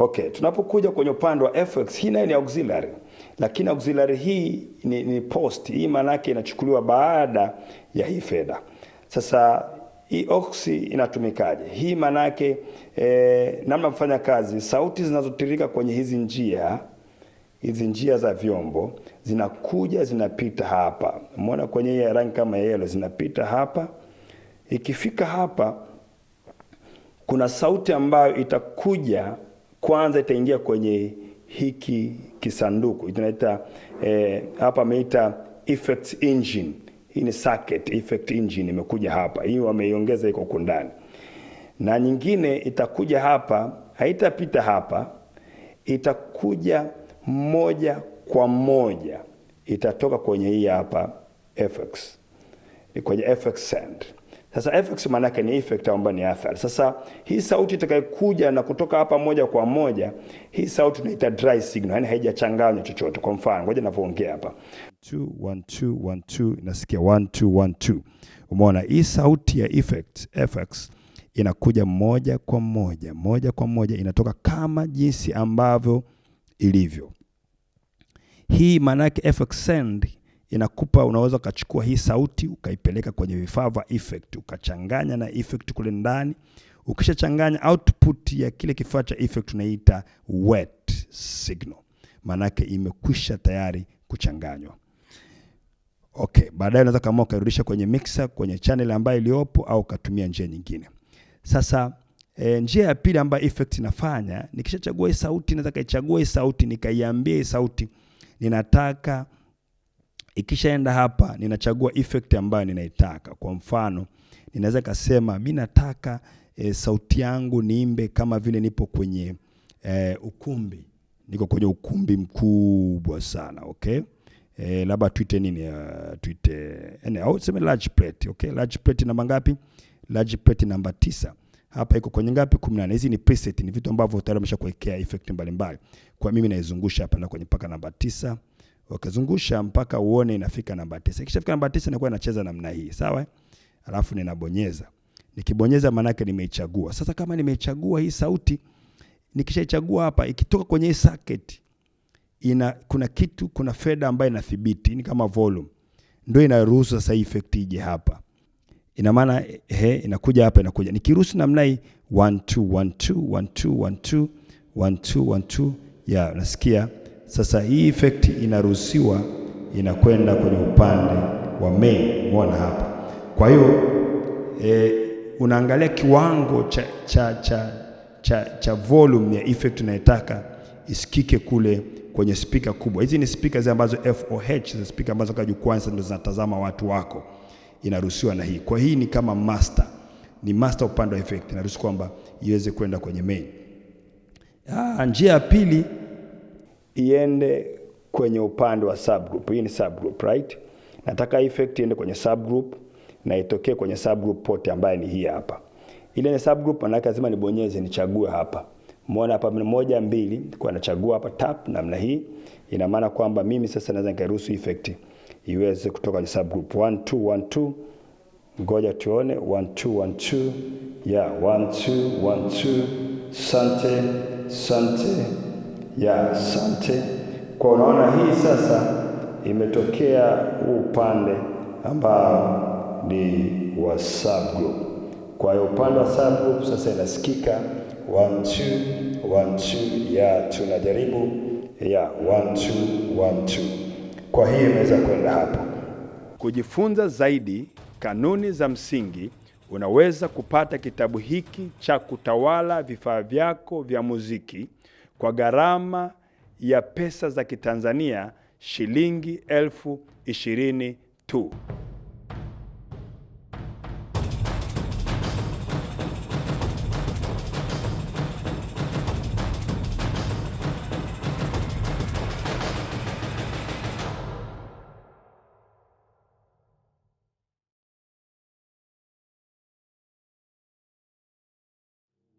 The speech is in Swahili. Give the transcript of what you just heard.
Okay, tunapokuja kwenye upande wa FX hii nayo ni auxiliary, lakini auxiliary hii ni, ni post hii, maana yake inachukuliwa baada ya hii fedha. Sasa hii ox inatumikaje? Hii maana yake eh, namna mfanya kazi, sauti zinazotirika kwenye hizi njia hizi njia za vyombo zinakuja zinapita hapa, umeona kwenye hii rangi kama yellow, zinapita hapa. Ikifika hapa, kuna sauti ambayo itakuja kwanza itaingia kwenye hiki kisanduku tunaita eh, hapa, ameita effects engine. Hii ni circuit effect engine imekuja hapa, hii wameiongeza iko huko ndani, na nyingine itakuja hapa, haitapita hapa, itakuja moja kwa moja, itatoka kwenye hii hapa FX, kwenye FX send sasa effects maana yake ni effect ambayo ni athari. Sasa hii sauti itakayokuja na kutoka hapa moja kwa moja, hii sauti tunaita dry signal, yani haijachanganywa chochote. Kwa mfano, ngoja ninapoongea hapa 2 1 2 1 2 inasikia 1 2 1 Umeona hii sauti ya effect FX inakuja moja kwa moja, moja kwa moja inatoka kama jinsi ambavyo ilivyo. Hii maana yake FX send inakupa unaweza ukachukua hii sauti ukaipeleka kwenye vifaa vya effect, ukachanganya na effect kule ndani. Ukishachanganya output ya kile kifaa cha effect tunaita wet signal, maanake imekwisha tayari kuchanganywa. Okay, baadaye unaweza kama ukarudisha kwenye mixer kwenye channel ambayo iliyopo au ukatumia njia nyingine. Sasa e, njia ya pili ambayo effect inafanya nikishachagua hii sauti, naweza kaichagua hii sauti nikaiambia hii sauti ninataka Ikishaenda hapa, ninachagua effect ambayo ninaitaka. Kwa mfano, ninaweza kasema mi nataka e, sauti yangu niimbe kama vile nipo kwenye e, ukumbi, niko kwenye ukumbi mkubwa sana, okay? E, labda tuite nini? Uh, tuite ene, au seme large plate, okay? Large plate namba ngapi? Large plate namba tisa hapa iko kwenye ngapi? 18. Hizi ni preset, ni vitu ambavyo tayari umeshakuwekea effect mbalimbali. Kwa mimi naizungusha hapa na kwenye paka namba tisa wakazungusha mpaka uone inafika namba tisa. Ikishafika namba tisa inakuwa inacheza namna hii, sawa? Alafu ninabonyeza. Nikibonyeza maana yake nimeichagua. Sasa kama nimeichagua hii sauti, nikishaichagua hapa, ikitoka kwenye hii socket ina kuna kitu, kuna feda ambayo inathibiti, ni kama volume, ndio inaruhusu sasa hii effect ije hapa. Ina maana he, inakuja hapa, inakuja nikiruhusu namna hii 1 2 1 2 1 2 1 2 1 2 1 2 ya nasikia sasa hii effect inaruhusiwa inakwenda kwenye upande wa mei umeona hapa. Kwa hiyo e, unaangalia kiwango cha, cha, cha, cha, cha volume ya effect unayotaka isikike kule kwenye spika kubwa. Hizi ni spika zile ambazo FOH, za spika ambazo kwa jukwaa ndio zinatazama watu wako, inaruhusiwa na hii. Kwa hii ni kama master, ni master upande wa effect, inaruhusu kwamba iweze kwenda kwenye main. Ah, njia ya pili iende kwenye upande wa subgroup. Hii ni subgroup, right? Nataka effect iende kwenye subgroup na itokee kwenye subgroup pote ambayo ni hii hapa. Ile ni subgroup, maana lazima nibonyeze nichague hapa. Muona hapa moja mbili, kwa nachagua hapa tap namna hii. Ina maana kwamba mimi sasa naweza nikaruhusu effect iweze kutoka kwenye subgroup 1 2 1 2. Ngoja tuone 1 2 1 2. Yeah, 1 2 1 2. Sante, sante ya sante. Kwa unaona hii sasa imetokea upande ambao ni wa subgroup. Kwa hiyo upande wa subgroup sasa inasikika 1 2 1 2 ya tunajaribu ya 1 2 1 2. Kwa hiyo imeweza kwenda hapo. Kujifunza zaidi kanuni za msingi, unaweza kupata kitabu hiki cha kutawala vifaa vyako vya muziki kwa gharama ya pesa za Kitanzania shilingi elfu ishirini tu.